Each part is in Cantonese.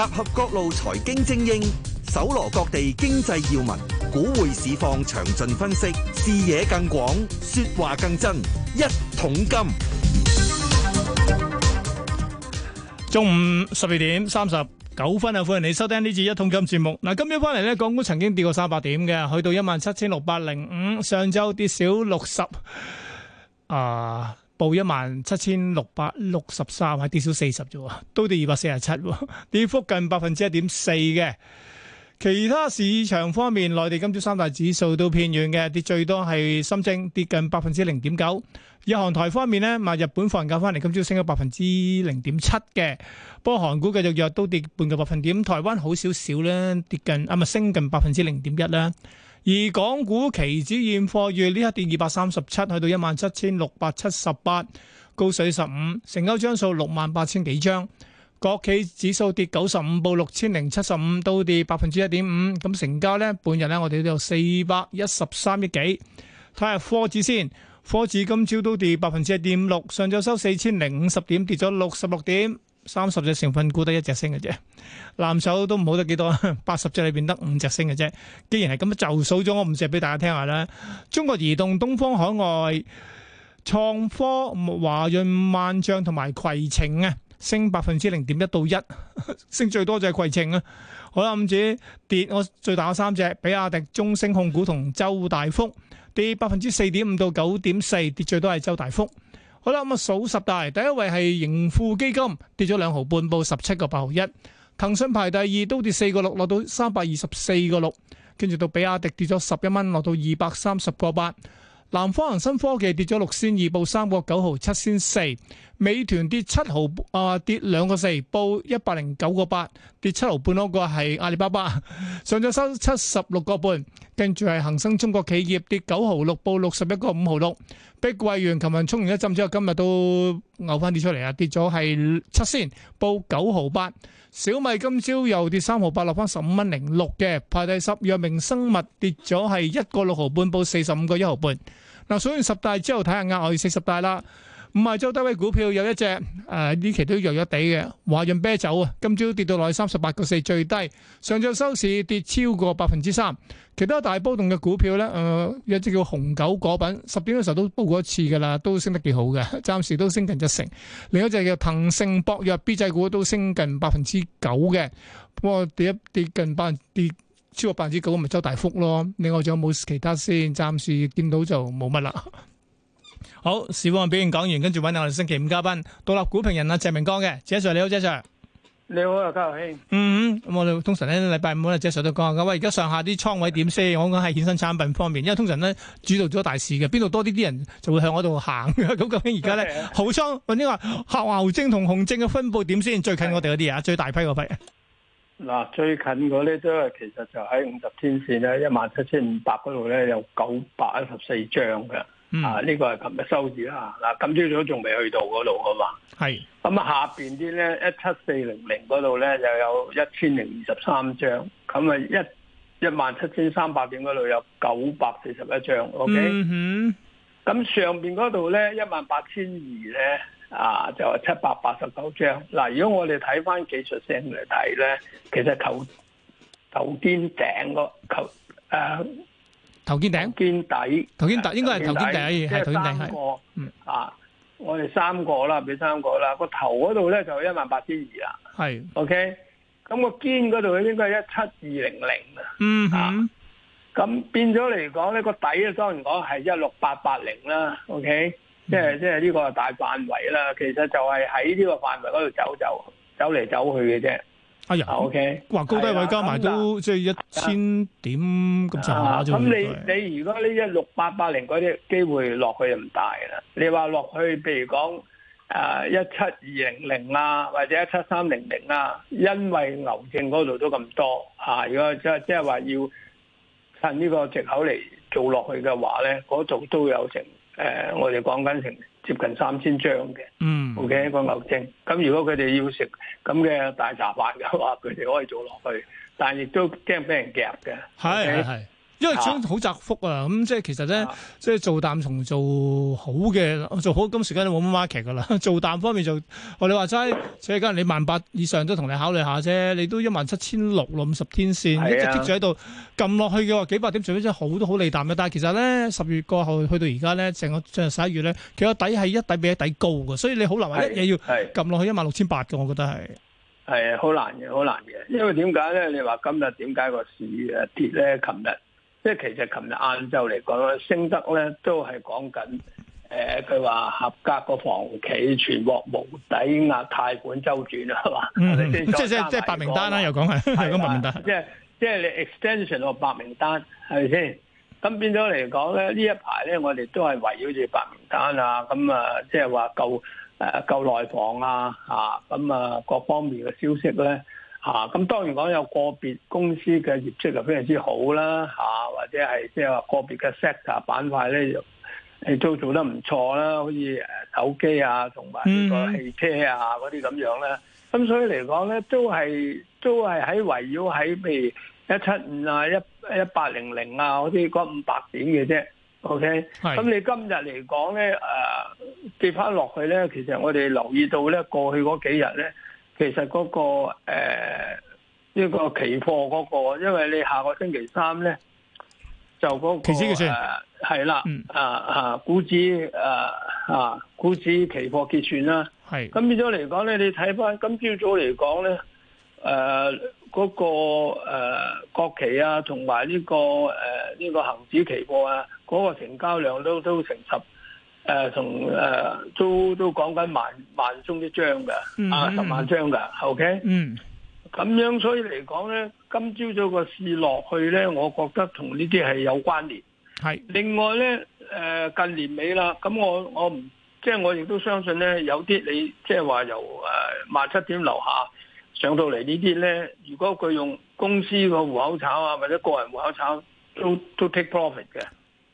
集合各路財經精英，搜羅各地經濟要聞，股匯市況詳盡分析，視野更廣，說話更真。一桶金，中午十二點三十九分啊！歡迎你收聽呢次一桶金節目。嗱，今日翻嚟咧，港股曾經跌過三百點嘅，去到一萬七千六百零五，上周跌少六十啊。報一萬七千六百六十三，係跌少四十啫喎，都跌二百四十七喎，跌幅近百分之一點四嘅。其他市場方面，內地今朝三大指數都偏軟嘅，跌最多係深證跌近百分之零點九。日韓台方面呢，咪日本放假翻嚟，今朝升咗百分之零點七嘅。不過韓股繼續弱，都跌半個百分點。台灣好少少啦，跌近啊咪升近百分之零點一啦。而港股期指現貨月呢一刻跌二百三十七，去到一萬七千六百七十八，高水十五，成交張數六萬八千幾張。國企指數跌九十五，報六千零七十五，都跌百分之一點五。咁成交呢，半日呢，我哋都有四百一十三億幾。睇下科指先，科指今朝都跌百分之一點六，上晝收四千零五十點，跌咗六十六點。三十隻成分股得一隻升嘅啫，藍籌都唔好得幾多，八十隻裏邊得五隻升嘅啫。既然係咁，就數咗我五隻俾大家聽下啦。中國移動、東方海外、創科、華潤萬象同埋攜程啊，升百分之零點一到一，升最多就係攜程啊。好啦，五指跌，我最大三隻，比亞迪、中升控股同周大福跌百分之四點五到九點四，跌最多係周大福。好啦，咁數十大，第一位係盈富基金，跌咗兩毫半，報十七個八毫一。騰訊排第二，都跌四個六，落到三百二十四個六。跟住到比亞迪跌咗十一蚊，落到二百三十個八。南方恒生科技跌咗六仙二，報三個九毫七仙四。美團跌七毫，啊跌兩個四，報一百零九個八。跌七毫半嗰個係阿里巴巴，上晝收七十六個半。跟住係恒生中國企業跌九毫六，報六十一個五毫六。碧桂園琴日衝完一針之後，今日都嘔翻跌出嚟啊！跌咗係七仙，報九毫八。小米今朝又跌三毫八，落翻十五蚊零六嘅。排第十，藥明生物跌咗係一個六毫半，報四十五個一毫半。嗱，數完十大之後，睇下額外四十大啦。唔係周低位股票有一隻，誒、呃、呢期都弱弱地嘅華潤啤酒啊，今朝跌到落去三十八個四最低，上晝收市跌超過百分之三。其他大波動嘅股票咧，誒、呃、有一隻叫洪九果品，十點嘅時候都煲過一次噶啦，都升得幾好嘅，暫時都升近一成。另一隻叫騰盛博藥 B 製股都升近百分之九嘅，不過跌一跌近百跌超過百分之九咪周大福咯。另外仲有冇其他先？暫時見到就冇乜啦。好，市況表現講完，跟住搵下我哋星期五嘉賓，獨立股評人阿、啊、謝明光嘅，謝 Sir 你好，謝 Sir，你好啊，家豪兄嗯，咁、嗯、我哋通常咧，禮拜五咧，謝 Sir 都講咁喂，而家上下啲倉位點先？我講係衍生產品方面，因為通常咧主導咗大市嘅，邊度多啲啲人就會向我度行嘅。咁究竟而家咧，Okay. 豪倉，或者話黑牛證同熊證嘅分佈點先？最近我哋嗰啲啊，是最大批嗰批。嗱，最近我咧都係其實就喺五十天綫咧一萬七千五百嗰度咧有九百一十四張嘅。嗯、啊！呢、這個係琴日收市啦，嗱、啊，今朝早仲未去到嗰度噶嘛？係，咁是啊下邊啲咧一七四零零嗰度咧又有一千零二十三張，咁啊一一萬七千三百點嗰度有九百四十一張，OK？咁上邊嗰度咧一萬八千二咧啊就係七百八十九張。嗱，如果我哋睇翻技術性嚟睇咧，其實頭頭肩頂個、啊、頭誒。呃頭肩頂肩底，頭肩底應該係頭肩底，係頭肩頂係。嗯啊，我哋三個啦，俾三個啦。個頭嗰度咧就一萬八千二啦。係，OK。咁個肩嗰度應該係一七二零零啊。嗯哼。咁變咗嚟講咧，個底咧當然講係一六八八零啦。OK。即係即係呢個大範圍啦。其實就係喺呢個範圍嗰度走走走嚟走去嘅啫。OK，或高低位、哎、呀加埋都、嗯、即係一千點咁上下啫。咁。你你如果呢一六八八零嗰啲機會落去就唔大啦。你話落去，譬如講誒一七二零零啊，或者一七三零零啊，因為牛證嗰度都咁多嚇、啊。如果即係即係話要趁呢個藉口嚟做落去嘅話咧，嗰度都有成。誒，我哋講緊成接近三千張嘅，O.K. 一個牛證。咁如果佢哋要食咁嘅大茶飯嘅話，佢哋可以做落去，但係亦都驚俾人夾嘅。係 係樂。因為將好窄幅啊，咁、嗯、即係其實咧，啊、即係做淡同做好嘅，做好今時間都冇乜 market 噶啦。做淡方面就我哋話齋，所以今日你萬八以上都同你考慮下啫。你都一萬七千六六十天線、啊、一直篤住喺度，撳落去嘅話幾百點，最尾真係好多好利淡嘅。但係其實咧，十月過後去到而家咧，成個即係十一月咧，其實底係一底比一底高嘅，所以你好難話一嘢要撳落去一萬六千八嘅，我覺得係係好難嘅，好難嘅，因為點解咧？你話今日點解個市跌咧？琴日即係其實琴日晏晝嚟講咧，升得咧都係講緊誒，佢、呃、話合格個房企全獲無抵押貸款週轉，係、啊、嘛？嗯，即即即白名單啦，又講係係咁白名單，即係即係你 extension 個白名單係咪先？咁變咗嚟講咧，呢一排咧，我哋都係圍繞住白名單啊，咁啊，即係話夠誒夠內房啊嚇，咁啊，啊，啊各方面嘅消息咧。嚇，咁、啊、當然講有個別公司嘅業績就非常之好啦，嚇、啊，或者係即係話個別嘅 sector 板塊咧，又係都做得唔錯啦，好似誒手機啊，同埋呢個汽車啊嗰啲咁樣啦。咁、嗯啊、所以嚟講咧，都係都係喺圍繞喺譬如一七五啊、一一八零零啊嗰啲嗰五百點嘅啫。OK? 是。咁你今日嚟講咧，誒跌翻落去咧，其實我哋留意到咧，過去嗰幾日咧。其實嗰、那個誒呢、呃這個期貨嗰、那個，因為你下個星期三咧就嗰、那個係啦，啊啊，股指啊啊，股指期貨結算啦。係咁是的 變咗嚟講咧，你睇翻今朝早嚟講咧，誒、呃、嗰、那個誒、呃、國期啊，同埋呢個誒呢、呃這個恒指期貨啊，嗰、那個成交量都都成十。誒同誒都都講緊萬萬宗一張嘅，mm hmm. 啊十萬張嘅，OK，嗯、mm，咁、hmm. 樣所以嚟講咧，今朝早個市落去咧，我覺得同呢啲係有關聯。係、mm hmm. 另外咧，誒、呃、近年尾啦，咁我我唔即係我亦都相信咧，有啲你即係話由誒萬七點樓下上到嚟呢啲咧，如果佢用公司個戶口炒啊，或者個人戶口炒都，都都，都 take profit 嘅。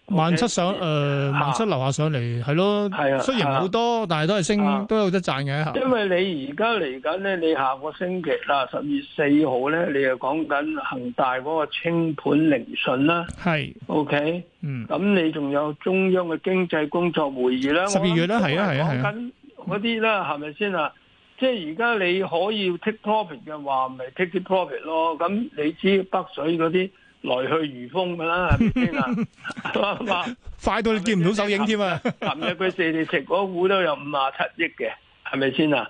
萬七上，誒、呃，萬七樓下上嚟，係、啊、咯，啊、雖然好多，但係都係升，啊、都有得賺嘅。因為你而家嚟緊咧，你下個星期啦，十二月四號咧，你又講緊恒大嗰個清盤聆訊啦。係是，OK，嗯，咁你仲有中央嘅經濟工作會議啦，十二月啦，係啊，係啊，係啊，講嗰啲啦，係咪先啊？吧即係而家你可以 take profit 嘅話，咪 take the profit 咯。咁你知北水嗰啲。來去如風噶啦，係咪先啊？啱唔啱？快到你見唔到手影添啊！琴 日佢四地食果股都有五廿七億嘅，係咪先啊？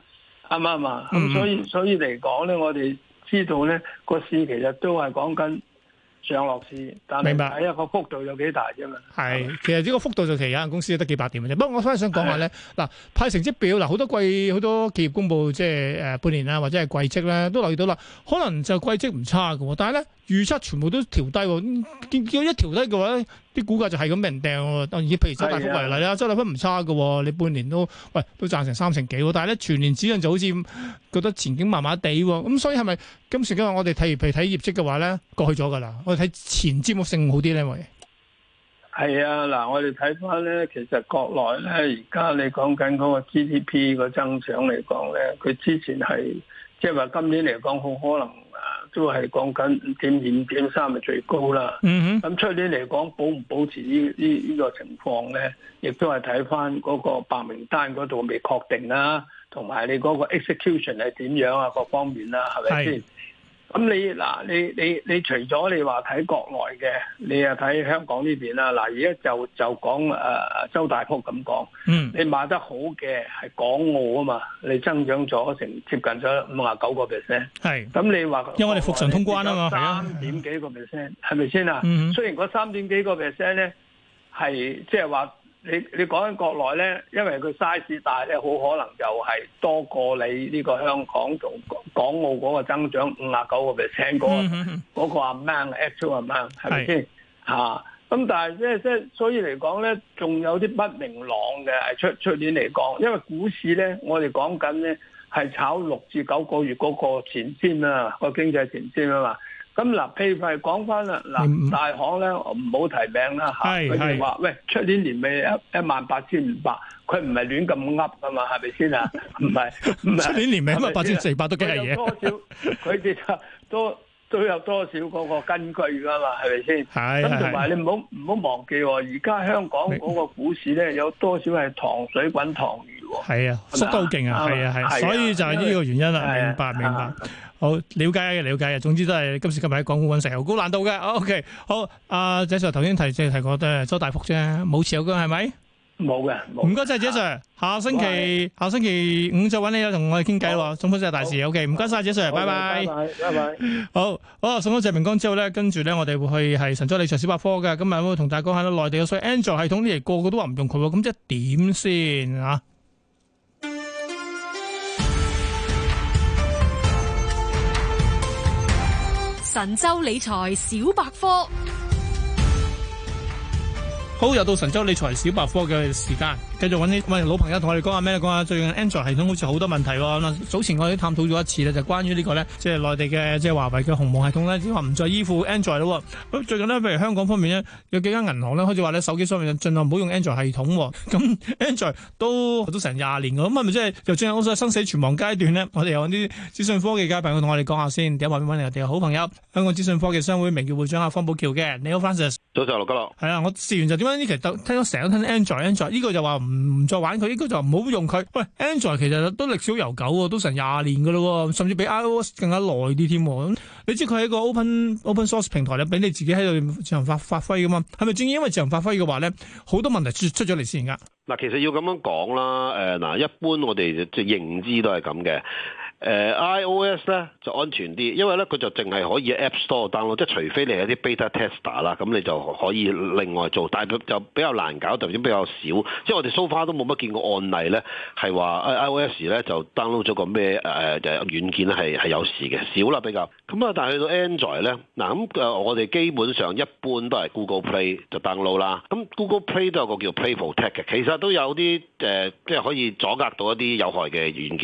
啱啱啊？咁所以所以嚟講咧，我哋知道咧個市其實都係講緊上落市，但係咪？係一個幅度有幾大啫嘛？係白，其實呢個幅度就其實有限公司得幾百點嘅啫。不過我反而想講下咧，嗱的派成績表嗱，好多季好多企業公布即係誒半年啦，或者係季績咧，都留意到啦。可能就季績唔差嘅，但係咧。預測全部都調低喎，見見到一調低嘅話啲股價就係咁俾人掟喎。但譬如周大福為例啊，周大福唔差嘅，你半年都喂都賺成三成幾喎。但係咧全年指引就好似覺得前景麻麻地喎。咁、嗯、所以係咪今時今日我哋睇如譬如睇業績嘅話咧，過去咗噶啦。我哋睇前瞻性好啲呢。喂，係啊，嗱，我哋睇翻咧，其實國內咧而家你講緊嗰個 GDP 個增長嚟講咧，佢之前係。即係話今年嚟講，好可能誒都係講緊五點二五點三係最高啦。咁出年嚟講，保唔保持呢呢呢個情況咧，亦都係睇翻嗰個白名單嗰度未確定啦，同埋你嗰個 execution 係點樣啊，各方面啦，係咪先？咁你嗱，你你你除咗你話睇國內嘅，你又睇香港呢邊啦。嗱，而家就就講誒、呃、周大福咁講，嗯，你買得好嘅係港澳啊嘛，你增長咗成接近咗五啊九個 percent，係。咁是你話，因為你哋復常通關啊嘛，三點幾個 percent 係咪先啊？雖然嗰三點幾個 percent 咧係即係話。就是你你講緊國內咧，因為佢 size 大咧，好可能就係多過你呢個香港同港澳嗰個增長五啊九個 percent 嗰嗰個 amount actual amount 係咪先嚇？咁但係即即所以嚟講咧，仲有啲不明朗嘅，出出年嚟講，因為股市咧，我哋講緊咧係炒六至九個月嗰個前瞻啊、嗰個經濟前瞻啊嘛。咁嗱，譬如講翻啦，嗱大行咧，我唔好提名啦嚇。佢哋話：係係喂，出年年尾一一萬八千五百，佢唔係亂咁噏噶嘛，係咪先啊？唔係，出年年尾都八千四百都幾係嘢。係係多少佢哋多都有多少嗰個，個根據噶嘛，係咪先？係係。咁同埋你唔好唔好忘記，而家香港嗰個股市咧有多少係糖水滾糖魚喎？係啊，縮得好勁啊，係啊係，所以就係呢個原因啦。明白明白。好了解，了解，了了解了，總之都係今時今日喺港股揾石油高難度嘅。O、OK, K，好，阿謝 Sir 頭先提即提過都係周大福啫，冇持有嘅係咪？冇嘅，唔該晒，謝 Sir。提提是是下星期的下星期五再揾你啦，同我哋傾偈咯，仲分晒大事。O K，唔該晒，謝 Sir，好拜拜。拜拜，拜好好，送咗謝明光之後咧，跟住咧，我哋會去係神州理財小百科嘅。今日會同大家講下咧，內地嘅所以 Android 系統呢期個個都話唔用佢，咁即係點先啊？神州理財小百科。好，又到神州理財小百科嘅時間。繼續搵啲喂老朋友同我哋講下咩？講下最近 Android 系統好似好多問題喎。咁啊，早前我哋探討咗一次咧，就關於呢個咧，即係內地嘅即係華為嘅鴻蒙系統咧，即係話唔再依附 Android 咯。咁最近咧，譬如香港方面咧，有幾間銀行咧，開始話咧手機上面盡量唔好用 Android 系統。咁 Android 都成廿年嘅，咁係咪即係又進入好似生死存亡階段咧？我哋有啲資訊科技界朋友同我哋講下先。第一位咧揾嚟我哋嘅好朋友，香港資訊科技商會名譽會長阿方保僑嘅。你好，Francis。早上，陸家樂。係啊、嗯，我試完就點樣呢其實聽到成日聽，聽，聽，聽 Android？Android 呢個就話唔。唔再玩佢，應該就唔好用佢。喂，Android 其實都歷史悠久，都成廿年嘅咯，甚至比 iOS 更加耐啲添。你知佢喺個 open open source 平台咧，俾你自己喺度自由發發揮㗎嘛？係咪正因為自由發揮嘅話咧，好多問題出出咗嚟先噶？嗱，其實要咁樣講啦，誒，嗱，一般我哋即係認知都係咁嘅。誒、呃、iOS 咧就安全啲，因為咧佢就淨係可以 App Store download，即係除非你係啲 beta tester 啦，咁你就可以另外做，但係就比較難搞，特別啲比較少，即係我哋 s o 蘇花都冇乜見過案例咧，係話、啊、iOS 咧就 download 咗個咩誒誒軟件咧係係有事嘅少啦比較，咁啊，但係去到 Android 咧，嗱咁誒我哋基本上一般都係 Google Play 就 download 啦，咁 Google Play 都有個叫 Play f u l t e c t 嘅，其實都有啲誒、呃、即係可以阻隔到一啲有害嘅軟件。